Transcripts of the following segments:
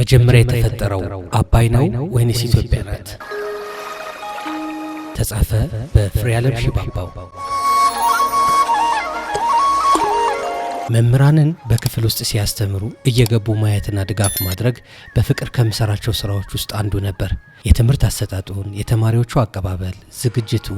መጀመሪያ የተፈጠረው አባይ ነው ወይንስ ኢትዮጵያ ናት? ተጻፈ በፍሬ በፍሬዓለም ሽባባው። መምህራንን በክፍል ውስጥ ሲያስተምሩ እየገቡ ማየትና ድጋፍ ማድረግ በፍቅር ከምሰራቸው ስራዎች ውስጥ አንዱ ነበር። የትምህርት አሰጣጡን፣ የተማሪዎቹ አቀባበል፣ ዝግጅቱ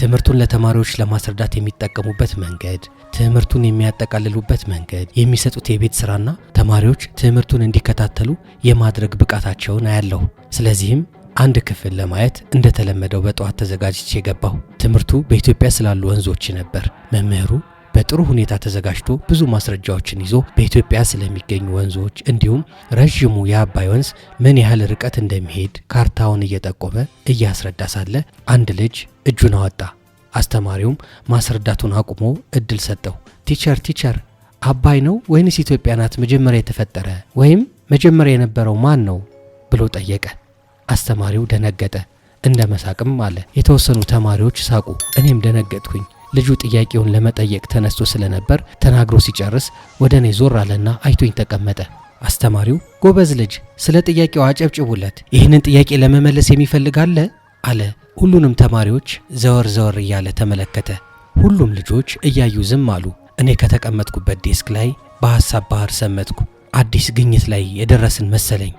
ትምህርቱን ለተማሪዎች ለማስረዳት የሚጠቀሙበት መንገድ፣ ትምህርቱን የሚያጠቃልሉበት መንገድ፣ የሚሰጡት የቤት ስራና ተማሪዎች ትምህርቱን እንዲከታተሉ የማድረግ ብቃታቸውን አያለሁ። ስለዚህም አንድ ክፍል ለማየት እንደተለመደው በጠዋት ተዘጋጅቼ የገባሁ። ትምህርቱ በኢትዮጵያ ስላሉ ወንዞች ነበር። መምህሩ በጥሩ ሁኔታ ተዘጋጅቶ ብዙ ማስረጃዎችን ይዞ በኢትዮጵያ ስለሚገኙ ወንዞች እንዲሁም ረዥሙ የአባይ ወንዝ ምን ያህል ርቀት እንደሚሄድ ካርታውን እየጠቆመ እያስረዳ ሳለ አንድ ልጅ እጁን አወጣ። አስተማሪውም ማስረዳቱን አቁሞ እድል ሰጠው። ቲቸር ቲቸር አባይ ነው ወይንስ ኢትዮጵያ ናት መጀመሪያ የተፈጠረ ወይም መጀመሪያ የነበረው ማን ነው ብሎ ጠየቀ። አስተማሪው ደነገጠ፣ እንደ መሳቅም አለ። የተወሰኑ ተማሪዎች ሳቁ፣ እኔም ደነገጥኩኝ። ልጁ ጥያቄውን ለመጠየቅ ተነስቶ ስለነበር ተናግሮ ሲጨርስ ወደ እኔ ዞር አለና አይቶኝ ተቀመጠ። አስተማሪው ጎበዝ ልጅ፣ ስለ ጥያቄው አጨብጭቡለት፣ ይህንን ጥያቄ ለመመለስ የሚፈልግ አለ አለ። ሁሉንም ተማሪዎች ዘወር ዘወር እያለ ተመለከተ። ሁሉም ልጆች እያዩ ዝም አሉ። እኔ ከተቀመጥኩበት ዴስክ ላይ በሐሳብ ባህር ሰመጥኩ። አዲስ ግኝት ላይ የደረስን መሰለኝ።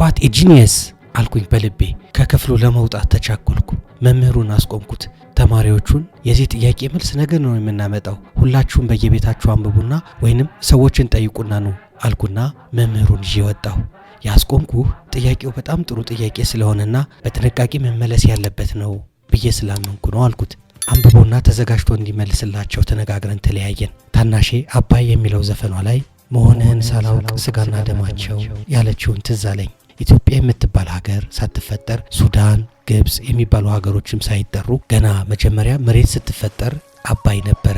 ዋት ኢጂኒየስ አልኩኝ በልቤ። ከክፍሉ ለመውጣት ተቻኮልኩ። መምህሩን አስቆምኩት። ተማሪዎቹን የዚህ ጥያቄ መልስ ነገ ነው የምናመጣው፣ ሁላችሁም በየቤታችሁ አንብቡና ወይንም ሰዎችን ጠይቁና ነው አልኩና መምህሩን ይዤ ወጣሁ። ያስቆምኩህ ጥያቄው በጣም ጥሩ ጥያቄ ስለሆነና በጥንቃቄ መመለስ ያለበት ነው ብዬ ስላመንኩ ነው አልኩት። አንብቦና ተዘጋጅቶ እንዲመልስላቸው ተነጋግረን ተለያየን። ታናሼ አባይ የሚለው ዘፈኗ ላይ መሆንህን ሳላውቅ ስጋና ደማቸው ያለችውን ትዝ አለኝ። ኢትዮጵያ የምትባል ሀገር ሳትፈጠር ሱዳን፣ ግብፅ የሚባሉ ሀገሮችም ሳይጠሩ ገና መጀመሪያ መሬት ስትፈጠር አባይ ነበረ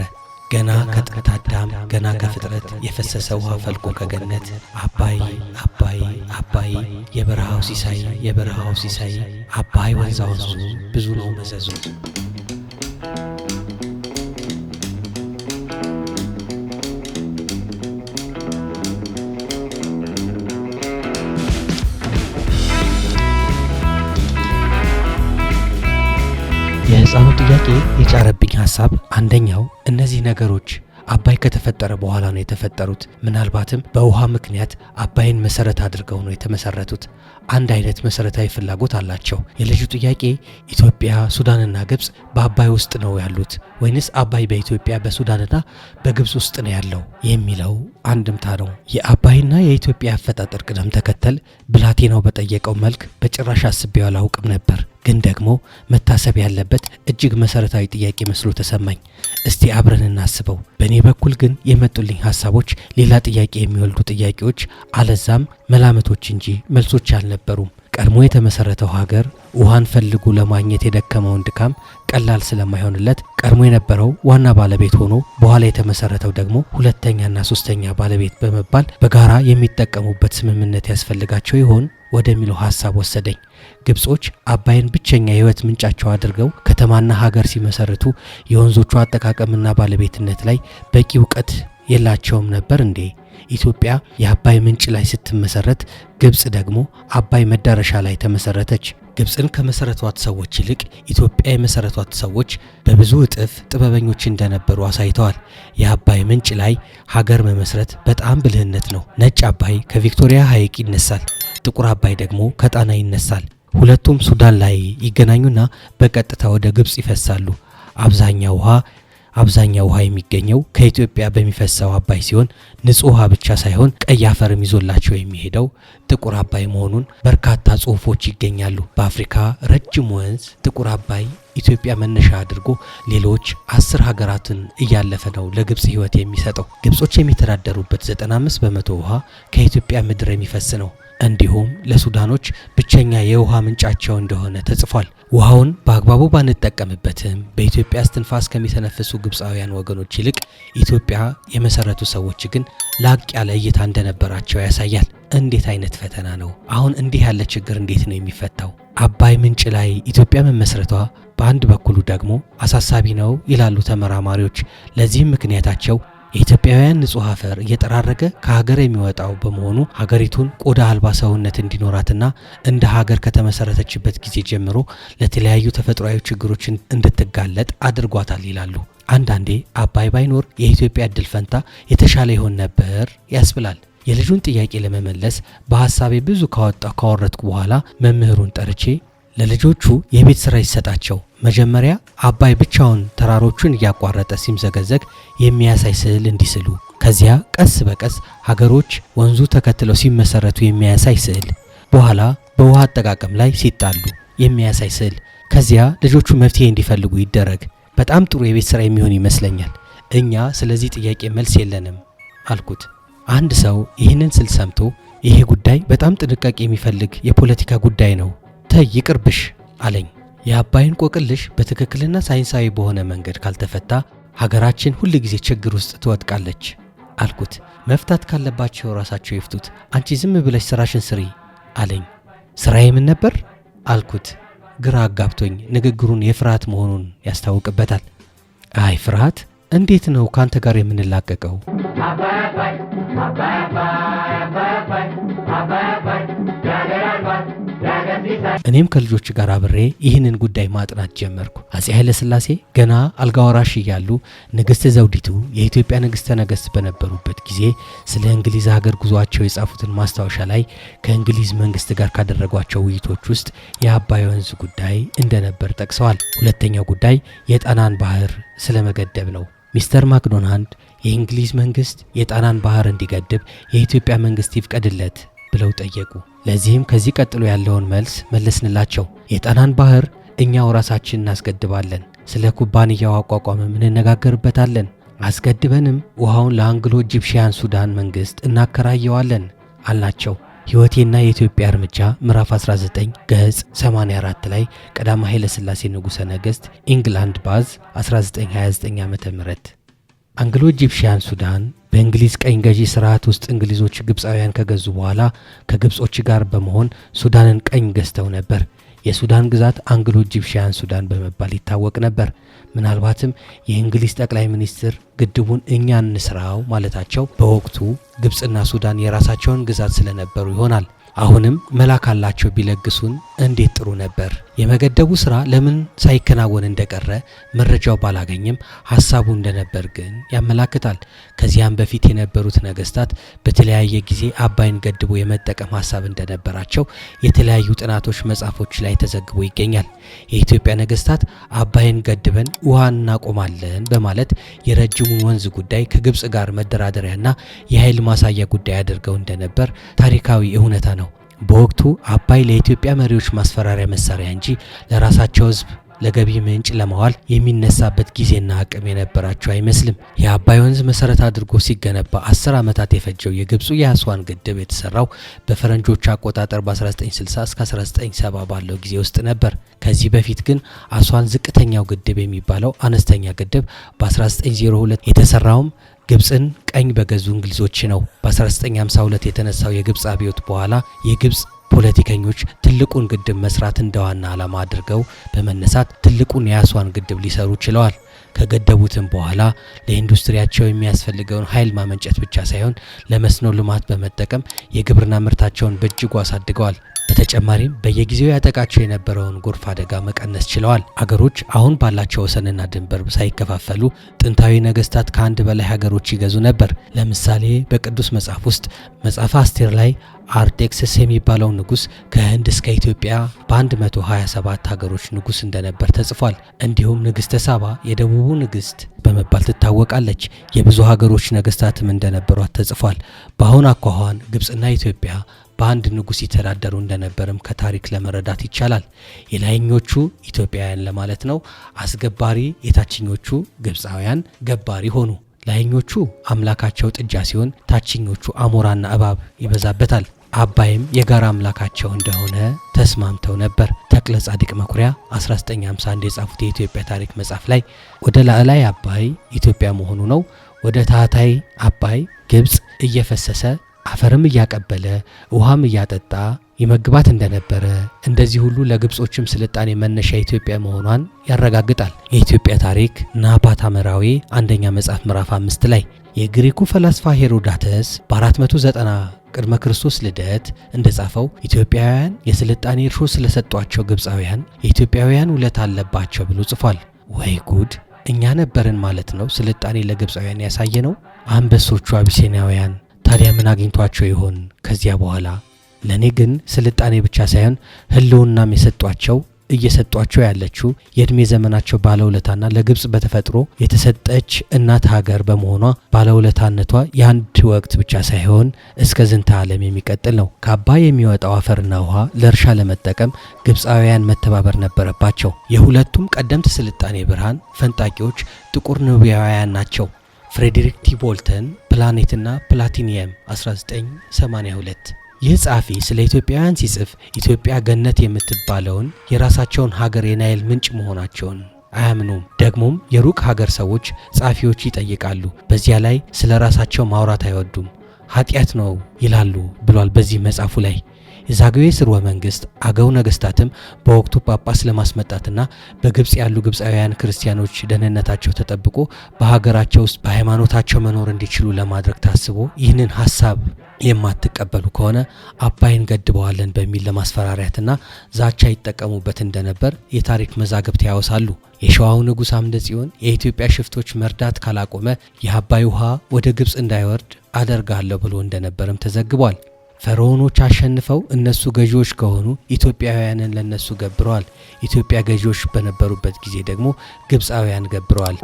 ገና ከጥንት አዳም ገና ከፍጥረት የፈሰሰ ውሃ ፈልቆ ከገነት አባይ አባይ አባይ የበረሃው ሲሳይ የበረሃው ሲሳይ አባይ ወንዛ ወንዙ ብዙ ነው መዘዙ። የሕፃኑ ጥያቄ የጫረብ ሀሳብ አንደኛው እነዚህ ነገሮች አባይ ከተፈጠረ በኋላ ነው የተፈጠሩት። ምናልባትም በውሃ ምክንያት አባይን መሰረት አድርገው ነው የተመሰረቱት። አንድ አይነት መሰረታዊ ፍላጎት አላቸው። የልጁ ጥያቄ ኢትዮጵያ፣ ሱዳንና ግብፅ በአባይ ውስጥ ነው ያሉት ወይንስ አባይ በኢትዮጵያ በሱዳንና በግብፅ ውስጥ ነው ያለው የሚለው አንድምታ ነው። የአባይና የኢትዮጵያ አፈጣጠር ቅደም ተከተል ብላቴናው በጠየቀው መልክ በጭራሽ አስቤው አላውቅም ነበር። ግን ደግሞ መታሰብ ያለበት እጅግ መሰረታዊ ጥያቄ መስሎ ተሰማኝ። እስቲ አብረን እናስበው። በእኔ በኩል ግን የመጡልኝ ሀሳቦች ሌላ ጥያቄ የሚወልዱ ጥያቄዎች አለዛም መላመቶች እንጂ መልሶች አልነበሩም። ቀድሞ የተመሰረተው ሀገር ውሃን ፈልጎ ለማግኘት የደከመውን ድካም ቀላል ስለማይሆንለት ቀድሞ የነበረው ዋና ባለቤት ሆኖ በኋላ የተመሰረተው ደግሞ ሁለተኛና ሶስተኛ ባለቤት በመባል በጋራ የሚጠቀሙበት ስምምነት ያስፈልጋቸው ይሆን? ወደሚለው ሀሳብ ወሰደኝ። ግብጾች አባይን ብቸኛ የህይወት ምንጫቸው አድርገው ከተማና ሀገር ሲመሰርቱ የወንዞቹ አጠቃቀምና ባለቤትነት ላይ በቂ እውቀት የላቸውም ነበር እንዴ? ኢትዮጵያ የአባይ ምንጭ ላይ ስትመሰረት፣ ግብጽ ደግሞ አባይ መዳረሻ ላይ ተመሰረተች። ግብፅን ከመሰረቷት ሰዎች ይልቅ ኢትዮጵያ የመሰረቷት ሰዎች በብዙ እጥፍ ጥበበኞች እንደነበሩ አሳይተዋል። የአባይ ምንጭ ላይ ሀገር መመስረት በጣም ብልህነት ነው። ነጭ አባይ ከቪክቶሪያ ሐይቅ ይነሳል። ጥቁር አባይ ደግሞ ከጣና ይነሳል። ሁለቱም ሱዳን ላይ ይገናኙና በቀጥታ ወደ ግብጽ ይፈሳሉ። አብዛኛው ውሃ አብዛኛው ውሃ የሚገኘው ከኢትዮጵያ በሚፈሰው አባይ ሲሆን ንጹህ ውሃ ብቻ ሳይሆን ቀይ አፈርም ይዞላቸው የሚሄደው ጥቁር አባይ መሆኑን በርካታ ጽሁፎች ይገኛሉ። በአፍሪካ ረጅም ወንዝ ጥቁር አባይ ኢትዮጵያ መነሻ አድርጎ ሌሎች አስር ሀገራትን እያለፈ ነው ለግብጽ ህይወት የሚሰጠው። ግብጾች የሚተዳደሩበት 95 በመቶ ውሃ ከኢትዮጵያ ምድር የሚፈስ ነው። እንዲሁም ለሱዳኖች ብቸኛ የውሃ ምንጫቸው እንደሆነ ተጽፏል። ውሃውን በአግባቡ ባንጠቀምበትም በኢትዮጵያ እስትንፋስ ከሚተነፍሱ ግብፃውያን ወገኖች ይልቅ ኢትዮጵያ የመሰረቱ ሰዎች ግን ላቅ ያለ እይታ እንደነበራቸው ያሳያል። እንዴት አይነት ፈተና ነው! አሁን እንዲህ ያለ ችግር እንዴት ነው የሚፈታው? አባይ ምንጭ ላይ ኢትዮጵያ መመስረቷ በአንድ በኩሉ ደግሞ አሳሳቢ ነው ይላሉ ተመራማሪዎች። ለዚህም ምክንያታቸው የኢትዮጵያውያን ንጹህ አፈር እየጠራረገ ከሀገር የሚወጣው በመሆኑ ሀገሪቱን ቆዳ አልባ ሰውነት እንዲኖራትና እንደ ሀገር ከተመሰረተችበት ጊዜ ጀምሮ ለተለያዩ ተፈጥሯዊ ችግሮችን እንድትጋለጥ አድርጓታል ይላሉ። አንዳንዴ አባይ ባይኖር የኢትዮጵያ እድል ፈንታ የተሻለ ይሆን ነበር ያስብላል። የልጁን ጥያቄ ለመመለስ በሀሳቤ ብዙ ካወጣሁ ካወረትኩ በኋላ መምህሩን ጠርቼ ለልጆቹ የቤት ስራ ይሰጣቸው። መጀመሪያ አባይ ብቻውን ተራሮቹን እያቋረጠ ሲምዘገዘግ የሚያሳይ ስዕል እንዲስሉ፣ ከዚያ ቀስ በቀስ ሀገሮች ወንዙ ተከትለው ሲመሰረቱ የሚያሳይ ስዕል፣ በኋላ በውሃ አጠቃቀም ላይ ሲጣሉ የሚያሳይ ስዕል። ከዚያ ልጆቹ መፍትሄ እንዲፈልጉ ይደረግ። በጣም ጥሩ የቤት ስራ የሚሆን ይመስለኛል። እኛ ስለዚህ ጥያቄ መልስ የለንም አልኩት። አንድ ሰው ይህንን ስል ሰምቶ ይሄ ጉዳይ በጣም ጥንቃቄ የሚፈልግ የፖለቲካ ጉዳይ ነው ተይ ይቅርብሽ አለኝ። የአባይን ቆቅልሽ በትክክልና ሳይንሳዊ በሆነ መንገድ ካልተፈታ ሀገራችን ሁል ጊዜ ችግር ውስጥ ትወድቃለች አልኩት። መፍታት ካለባቸው ራሳቸው ይፍቱት፣ አንቺ ዝም ብለሽ ስራሽን ስሪ አለኝ። ስራዬ ምን ነበር አልኩት። ግራ አጋብቶኝ ንግግሩን የፍርሃት መሆኑን ያስታውቅበታል። አይ ፍርሃት እንዴት ነው ከአንተ ጋር የምንላቀቀው? እኔም ከልጆች ጋር አብሬ ይህንን ጉዳይ ማጥናት ጀመርኩ። አጼ ስላሴ ገና አልጋ ወራሽ እያሉ ንግሥት ዘውዲቱ የኢትዮጵያ ንግሥተ ነገሥት በነበሩበት ጊዜ ስለ እንግሊዝ ሀገር ጉዟቸው የጻፉትን ማስታወሻ ላይ ከእንግሊዝ መንግሥት ጋር ካደረጓቸው ውይይቶች ውስጥ የአባይ ወንዝ ጉዳይ እንደነበር ጠቅሰዋል። ሁለተኛው ጉዳይ የጣናን ባህር ስለመገደብ ነው። ሚስተር ማክዶናልድ የእንግሊዝ መንግስት የጣናን ባህር እንዲገድብ የኢትዮጵያ መንግስት ይፍቀድለት ብለው ጠየቁ። ለዚህም ከዚህ ቀጥሎ ያለውን መልስ መለስንላቸው። የጣናን ባህር እኛው ራሳችን እናስገድባለን፣ ስለ ኩባንያው አቋቋምም እንነጋገርበታለን። አስገድበንም ውሃውን ለአንግሎ ጂፕሽያን ሱዳን መንግሥት እናከራየዋለን አልናቸው። ሕይወቴና የኢትዮጵያ እርምጃ ምዕራፍ 19 ገጽ 84 ላይ ቀዳማ ኃይለሥላሴ ንጉሠ ነገሥት ኢንግላንድ ባዝ 1929 ዓ ም አንግሎ ጂፕሽያን ሱዳን በእንግሊዝ ቀኝ ገዢ ስርዓት ውስጥ እንግሊዞች ግብፃውያን ከገዙ በኋላ ከግብጾች ጋር በመሆን ሱዳንን ቀኝ ገዝተው ነበር። የሱዳን ግዛት አንግሎ ጂፕሽያን ሱዳን በመባል ይታወቅ ነበር። ምናልባትም የእንግሊዝ ጠቅላይ ሚኒስትር ግድቡን እኛ እንስራው ማለታቸው በወቅቱ ግብፅና ሱዳን የራሳቸውን ግዛት ስለነበሩ ይሆናል። አሁንም መላክ አላቸው ቢለግሱን እንዴት ጥሩ ነበር። የመገደቡ ስራ ለምን ሳይከናወን እንደቀረ መረጃው ባላገኝም ሀሳቡ እንደነበር ግን ያመላክታል። ከዚያም በፊት የነበሩት ነገስታት በተለያየ ጊዜ አባይን ገድቦ የመጠቀም ሀሳብ እንደነበራቸው የተለያዩ ጥናቶች መጽሐፎች ላይ ተዘግቦ ይገኛል። የኢትዮጵያ ነገስታት አባይን ገድበን ውሃ እናቆማለን በማለት የረጅሙን ወንዝ ጉዳይ ከግብፅ ጋር መደራደሪያና የኃይል ማሳያ ጉዳይ አድርገው እንደነበር ታሪካዊ እውነታ ነው። በወቅቱ አባይ ለኢትዮጵያ መሪዎች ማስፈራሪያ መሳሪያ እንጂ ለራሳቸው ህዝብ። ለገቢ ምንጭ ለማዋል የሚነሳበት ጊዜና አቅም የነበራቸው አይመስልም። የአባይ ወንዝ መሰረት አድርጎ ሲገነባ አስር ዓመታት የፈጀው የግብፁ የአስዋን ግድብ የተሰራው በፈረንጆች አቆጣጠር በ1960 እስከ 1970 ባለው ጊዜ ውስጥ ነበር። ከዚህ በፊት ግን አስዋን ዝቅተኛው ግድብ የሚባለው አነስተኛ ግድብ በ1902 የተሰራውም ግብፅን ቀኝ በገዙ እንግሊዞች ነው። በ1952 የተነሳው የግብፅ አብዮት በኋላ የግብፅ ፖለቲከኞች ትልቁን ግድብ መስራት እንደዋና ዓላማ አድርገው በመነሳት ትልቁን የአስዋን ግድብ ሊሰሩ ችለዋል። ከገደቡትም በኋላ ለኢንዱስትሪያቸው የሚያስፈልገውን ኃይል ማመንጨት ብቻ ሳይሆን ለመስኖ ልማት በመጠቀም የግብርና ምርታቸውን በእጅጉ አሳድገዋል። በተጨማሪም በየጊዜው ያጠቃቸው የነበረውን ጎርፍ አደጋ መቀነስ ችለዋል። አገሮች አሁን ባላቸው ወሰንና ድንበር ሳይከፋፈሉ ጥንታዊ ነገስታት ከአንድ በላይ ሀገሮች ይገዙ ነበር። ለምሳሌ በቅዱስ መጽሐፍ ውስጥ መጽሐፈ አስቴር ላይ አርጤክስስ የሚባለው ንጉስ ከህንድ እስከ ኢትዮጵያ በ127 ሀገሮች ንጉስ እንደነበር ተጽፏል። እንዲሁም ንግስተ ሳባ የደቡቡ ንግስት በመባል ትታወቃለች። የብዙ ሀገሮች ነገስታትም እንደነበሯት ተጽፏል። በአሁን አኳኋን ግብፅና ኢትዮጵያ በአንድ ንጉስ ይተዳደሩ እንደነበርም ከታሪክ ለመረዳት ይቻላል። የላይኞቹ ኢትዮጵያውያን ለማለት ነው፣ አስገባሪ የታችኞቹ ግብፃውያን ገባሪ ሆኑ። ላይኞቹ አምላካቸው ጥጃ ሲሆን ታችኞቹ አሞራና እባብ ይበዛበታል። አባይም የጋራ አምላካቸው እንደሆነ ተስማምተው ነበር። ተክለ ጻድቅ መኩሪያ 1951 የጻፉት የኢትዮጵያ ታሪክ መጽሐፍ ላይ ወደ ላዕላይ አባይ ኢትዮጵያ መሆኑ ነው፣ ወደ ታህታይ አባይ ግብፅ እየፈሰሰ አፈርም እያቀበለ ውሃም እያጠጣ ይመግባት እንደነበረ እንደዚህ ሁሉ ለግብጾችም ስልጣኔ መነሻ ኢትዮጵያ መሆኗን ያረጋግጣል። የኢትዮጵያ ታሪክ ናፓት አመራዊ አንደኛ መጽሐፍ ምዕራፍ አምስት ላይ የግሪኩ ፈላስፋ ሄሮዳተስ በ490 ቅድመ ክርስቶስ ልደት እንደጻፈው ኢትዮጵያውያን የስልጣኔ እርሾ ስለሰጧቸው ግብፃውያን የኢትዮጵያውያን ውለት አለባቸው ብሎ ጽፏል። ወይ ጉድ! እኛ ነበርን ማለት ነው ስልጣኔ ለግብፃውያን ያሳየ ነው። አንበሶቹ አቢሴናውያን ታዲያ ምን አግኝቷቸው ይሆን ከዚያ በኋላ? ለእኔ ግን ስልጣኔ ብቻ ሳይሆን ህልውናም የሰጧቸው እየሰጧቸው ያለችው የእድሜ ዘመናቸው ባለውለታና ለግብጽ በተፈጥሮ የተሰጠች እናት ሀገር በመሆኗ ባለውለታነቷ የአንድ ወቅት ብቻ ሳይሆን እስከ ዝንተ ዓለም የሚቀጥል ነው። ከአባይ የሚወጣው አፈርና ውሃ ለእርሻ ለመጠቀም ግብፃውያን መተባበር ነበረባቸው። የሁለቱም ቀደምት ስልጣኔ ብርሃን ፈንጣቂዎች ጥቁር ንብያውያን ናቸው። ፍሬዴሪክ ቲቦልተን ፕላኔትና ፕላቲኒየም 1982 ይህ ጸሐፊ ስለ ኢትዮጵያውያን ሲጽፍ ኢትዮጵያ ገነት የምትባለውን የራሳቸውን ሀገር የናይል ምንጭ መሆናቸውን አያምኑም። ደግሞም የሩቅ ሀገር ሰዎች ጸሐፊዎች ይጠይቃሉ። በዚያ ላይ ስለ ራሳቸው ማውራት አይወዱም፣ ኃጢአት ነው ይላሉ ብሏል በዚህ መጽሐፉ ላይ። የዛግዌ ስርወ መንግስት አገው ነገስታትም በወቅቱ ጳጳስ ለማስመጣትና በግብፅ ያሉ ግብፃውያን ክርስቲያኖች ደህንነታቸው ተጠብቆ በሀገራቸው ውስጥ በሃይማኖታቸው መኖር እንዲችሉ ለማድረግ ታስቦ ይህንን ሀሳብ የማትቀበሉ ከሆነ አባይን ገድበዋለን በሚል ለማስፈራሪያትና ዛቻ ይጠቀሙበት እንደነበር የታሪክ መዛግብት ያወሳሉ። የሸዋው ንጉሥ አምደ ጽዮን የኢትዮጵያ ሽፍቶች መርዳት ካላቆመ የአባይ ውሃ ወደ ግብፅ እንዳይወርድ አደርጋለሁ ብሎ እንደነበርም ተዘግቧል። ፈርዖኖች አሸንፈው እነሱ ገዢዎች ከሆኑ ኢትዮጵያውያንን ለነሱ ገብረዋል። ኢትዮጵያ ገዢዎች በነበሩበት ጊዜ ደግሞ ግብፃውያን ገብረዋል።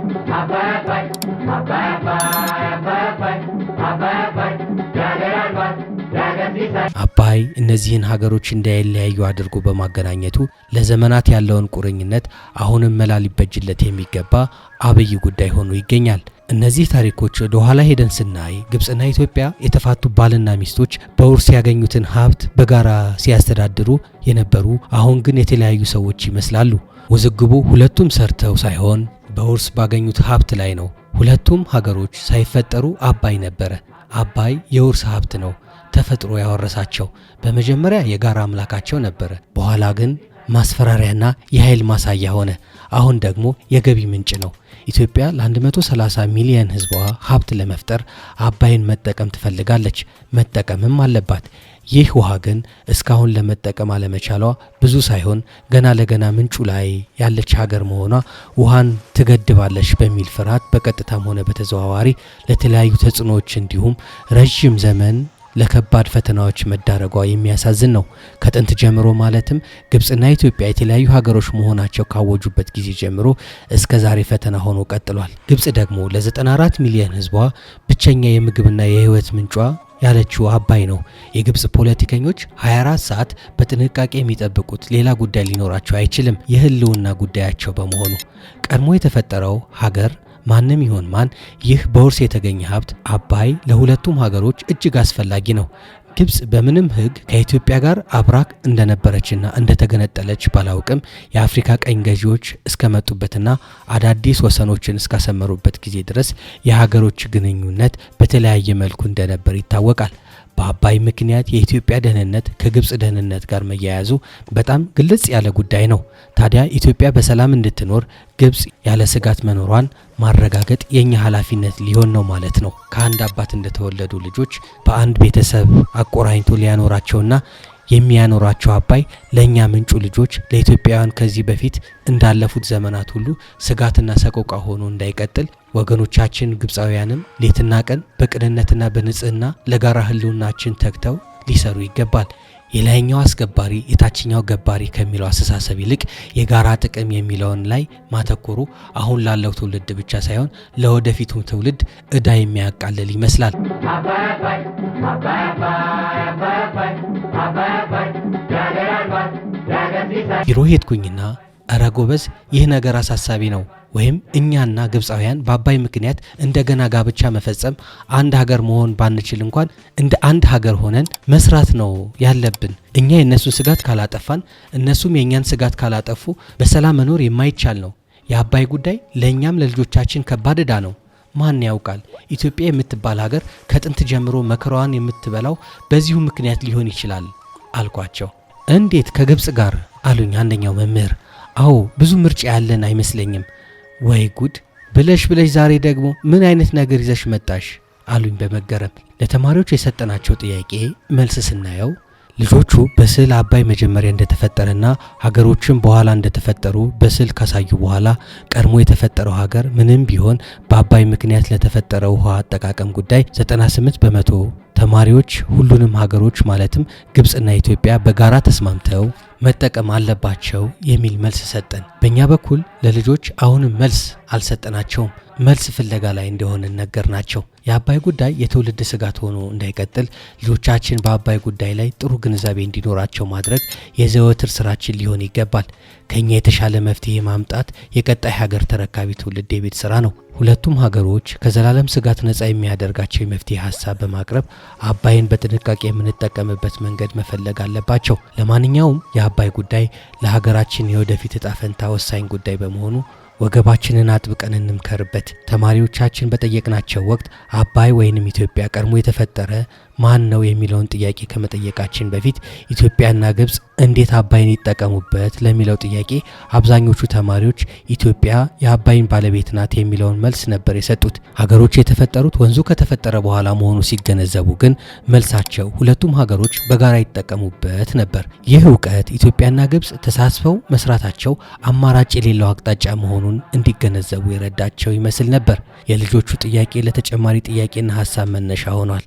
አባይ እነዚህን ሀገሮች እንዳይለያዩ አድርጎ በማገናኘቱ ለዘመናት ያለውን ቁርኝነት አሁንም መላ ሊበጅለት የሚገባ አብይ ጉዳይ ሆኖ ይገኛል። እነዚህ ታሪኮች ወደ ኋላ ሄደን ስናይ ግብፅና ኢትዮጵያ የተፋቱ ባልና ሚስቶች በውርስ ያገኙትን ሀብት በጋራ ሲያስተዳድሩ የነበሩ አሁን ግን የተለያዩ ሰዎች ይመስላሉ። ውዝግቡ ሁለቱም ሰርተው ሳይሆን በውርስ ባገኙት ሀብት ላይ ነው። ሁለቱም ሀገሮች ሳይፈጠሩ አባይ ነበረ። አባይ የውርስ ሀብት ነው። ተፈጥሮ ያወረሳቸው በመጀመሪያ የጋራ አምላካቸው ነበረ። በኋላ ግን ማስፈራሪያና የኃይል ማሳያ ሆነ። አሁን ደግሞ የገቢ ምንጭ ነው። ኢትዮጵያ ለ130 ሚሊዮን ሕዝቧ ሀብት ለመፍጠር አባይን መጠቀም ትፈልጋለች፣ መጠቀምም አለባት። ይህ ውሃ ግን እስካሁን ለመጠቀም አለመቻሏ ብዙ ሳይሆን ገና ለገና ምንጩ ላይ ያለች ሀገር መሆኗ ውሃን ትገድባለች በሚል ፍርሃት በቀጥታም ሆነ በተዘዋዋሪ ለተለያዩ ተጽዕኖዎች እንዲሁም ረዥም ዘመን ለከባድ ፈተናዎች መዳረጓ የሚያሳዝን ነው። ከጥንት ጀምሮ ማለትም ግብፅና ኢትዮጵያ የተለያዩ ሀገሮች መሆናቸው ካወጁበት ጊዜ ጀምሮ እስከ ዛሬ ፈተና ሆኖ ቀጥሏል። ግብፅ ደግሞ ለ94 ሚሊዮን ህዝቧ ብቸኛ የምግብና የህይወት ምንጯ ያለችው አባይ ነው። የግብፅ ፖለቲከኞች 24 ሰዓት በጥንቃቄ የሚጠብቁት ሌላ ጉዳይ ሊኖራቸው አይችልም፣ የህልውና ጉዳያቸው በመሆኑ ቀድሞ የተፈጠረው ሀገር ማንም ይሆን ማን ይህ በውርስ የተገኘ ሀብት አባይ ለሁለቱም ሀገሮች እጅግ አስፈላጊ ነው። ግብጽ በምንም ሕግ ከኢትዮጵያ ጋር አብራክ እንደነበረችና እንደተገነጠለች ባላውቅም የአፍሪካ ቀኝ ገዢዎች እስከመጡበትና አዳዲስ ወሰኖችን እስካሰመሩበት ጊዜ ድረስ የሀገሮች ግንኙነት በተለያየ መልኩ እንደነበር ይታወቃል። በአባይ ምክንያት የኢትዮጵያ ደህንነት ከግብፅ ደህንነት ጋር መያያዙ በጣም ግልጽ ያለ ጉዳይ ነው። ታዲያ ኢትዮጵያ በሰላም እንድትኖር ግብፅ ያለ ስጋት መኖሯን ማረጋገጥ የእኛ ኃላፊነት ሊሆን ነው ማለት ነው። ከአንድ አባት እንደተወለዱ ልጆች በአንድ ቤተሰብ አቆራኝቶ ሊያኖራቸውና የሚያኖራቸው አባይ ለእኛ ምንጩ ልጆች ለኢትዮጵያውያን ከዚህ በፊት እንዳለፉት ዘመናት ሁሉ ስጋትና ሰቆቃ ሆኖ እንዳይቀጥል ወገኖቻችን ግብፃውያንም ሌትና ቀን በቅንነትና በንጽህና ለጋራ ህልውናችን ተግተው ሊሰሩ ይገባል። የላይኛው አስከባሪ የታችኛው ገባሪ ከሚለው አስተሳሰብ ይልቅ የጋራ ጥቅም የሚለውን ላይ ማተኮሩ አሁን ላለው ትውልድ ብቻ ሳይሆን ለወደፊቱ ትውልድ እዳ የሚያቃልል ይመስላል። ቢሮ ሄድኩኝና እረ ጎበዝ፣ ይህ ነገር አሳሳቢ ነው ወይም እኛና ግብፃውያን በአባይ ምክንያት እንደገና ጋብቻ መፈጸም አንድ ሀገር መሆን ባንችል እንኳን እንደ አንድ ሀገር ሆነን መስራት ነው ያለብን። እኛ የእነሱን ስጋት ካላጠፋን፣ እነሱም የእኛን ስጋት ካላጠፉ በሰላም መኖር የማይቻል ነው። የአባይ ጉዳይ ለእኛም ለልጆቻችን ከባድ ዕዳ ነው። ማን ያውቃል ኢትዮጵያ የምትባል ሀገር ከጥንት ጀምሮ መከራዋን የምትበላው በዚሁ ምክንያት ሊሆን ይችላል አልኳቸው። እንዴት ከግብፅ ጋር አሉኝ አንደኛው መምህር። አዎ ብዙ ምርጫ ያለን አይመስለኝም ወይ ጉድ ብለሽ ብለሽ ዛሬ ደግሞ ምን አይነት ነገር ይዘሽ መጣሽ አሉኝ በመገረም ለተማሪዎች የሰጠናቸው ጥያቄ መልስ ስናየው ልጆቹ በስዕል አባይ መጀመሪያ እንደተፈጠረና ሀገሮችን በኋላ እንደተፈጠሩ በስዕል ካሳዩ በኋላ ቀድሞ የተፈጠረው ሀገር ምንም ቢሆን በአባይ ምክንያት ለተፈጠረው ውሃ አጠቃቀም ጉዳይ 98 በመቶ ተማሪዎች ሁሉንም ሀገሮች ማለትም ግብፅና ኢትዮጵያ በጋራ ተስማምተው መጠቀም አለባቸው የሚል መልስ ሰጠን። በእኛ በኩል ለልጆች አሁንም መልስ አልሰጠናቸውም፣ መልስ ፍለጋ ላይ እንደሆነ ነገር ናቸው። የአባይ ጉዳይ የትውልድ ስጋት ሆኖ እንዳይቀጥል ልጆቻችን በአባይ ጉዳይ ላይ ጥሩ ግንዛቤ እንዲኖራቸው ማድረግ የዘወትር ስራችን ሊሆን ይገባል። ከእኛ የተሻለ መፍትሄ ማምጣት የቀጣይ ሀገር ተረካቢ ትውልድ የቤት ስራ ነው። ሁለቱም ሀገሮች ከዘላለም ስጋት ነጻ የሚያደርጋቸው የመፍትሄ ሀሳብ በማቅረብ አባይን በጥንቃቄ የምንጠቀምበት መንገድ መፈለግ አለባቸው። ለማንኛውም የአባይ ጉዳይ ለሀገራችን የወደፊት እጣ ፈንታ ወሳኝ ጉዳይ በመሆኑ ወገባችንን አጥብቀን እንምከርበት። ተማሪዎቻችን በጠየቅናቸው ወቅት አባይ ወይንም ኢትዮጵያ ቀድሞ የተፈጠረ ማን ነው የሚለውን ጥያቄ ከመጠየቃችን በፊት ኢትዮጵያና ግብጽ እንዴት አባይን ይጠቀሙበት ለሚለው ጥያቄ አብዛኞቹ ተማሪዎች ኢትዮጵያ የአባይን ባለቤት ናት የሚለውን መልስ ነበር የሰጡት። ሀገሮች የተፈጠሩት ወንዙ ከተፈጠረ በኋላ መሆኑ ሲገነዘቡ ግን መልሳቸው ሁለቱም ሀገሮች በጋራ ይጠቀሙበት ነበር። ይህ እውቀት ኢትዮጵያና ግብጽ ተሳስበው መስራታቸው አማራጭ የሌለው አቅጣጫ መሆኑን እንዲገነዘቡ የረዳቸው ይመስል ነበር። የልጆቹ ጥያቄ ለተጨማሪ ጥያቄና ሀሳብ መነሻ ሆኗል።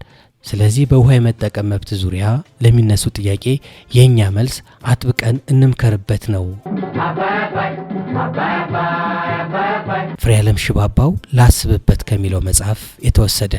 ስለዚህ በውሃ የመጠቀም መብት ዙሪያ ለሚነሱ ጥያቄ የእኛ መልስ አጥብቀን እንምከርበት ነው። ፍሬ ዓለም ሽባባው ላስብበት ከሚለው መጽሐፍ የተወሰደ